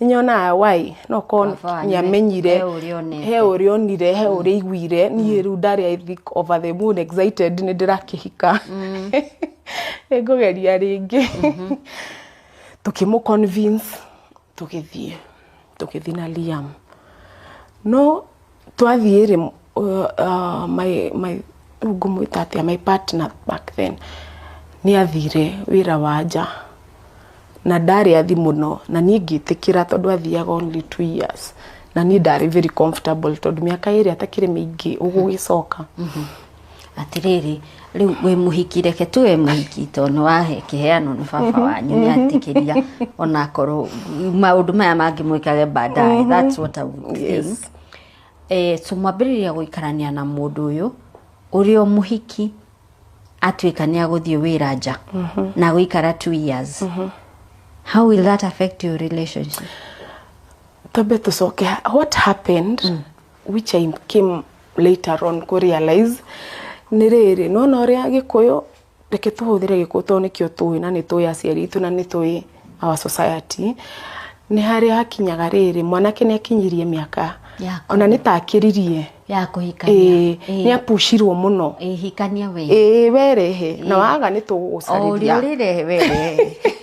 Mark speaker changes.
Speaker 1: nyonaga wai no ko nyamenyire he rä onire he uria iguire mm. niä rä u ndarä i think over the moon excited nä ndä rakä nä ngå geria rä ngä tå kä må tå gä thiä tå gä thiä na liam no twathiä rä uh, uh, ngå mwä ta atä my partner back then nä athire wä ra wa nja na ndarä athi må no na niä ngä tä kä ra tondå athiaga only years na niä ndarä very comfortable tondå mä aka ä rä atakä rä mä ingä å gå gä coka mhm.
Speaker 2: atä rä rä rä u wä må hiki reke tu we må hiki to nä wahe kä heano nä baba mhm. wanyu nä atä ria onakorwo maå ndå maya mangä mwä kage bandae cumwambä mhm. eh, rä ria gå ikarania na må ndå å yå å rä o må hiki atuä ka nä agå thiä wä ra nja na gå ikara how will that affect your relationship
Speaker 1: twambe okay. what happened mm. which i came later on to realize, rä rä no no rä a gä kå yå reke tå hå thä re gä kå tondå nä kä o na ni tå ä aciari itå na nä tå ä our society nä harä hakinyaga rä rä mwanake nä akinyirie mä aka ona nä ta akä ririe
Speaker 2: ya kuhikania
Speaker 1: nä apucirwo må no
Speaker 2: hikania
Speaker 1: we werehe na waga nä tå oh, gå
Speaker 2: carä ria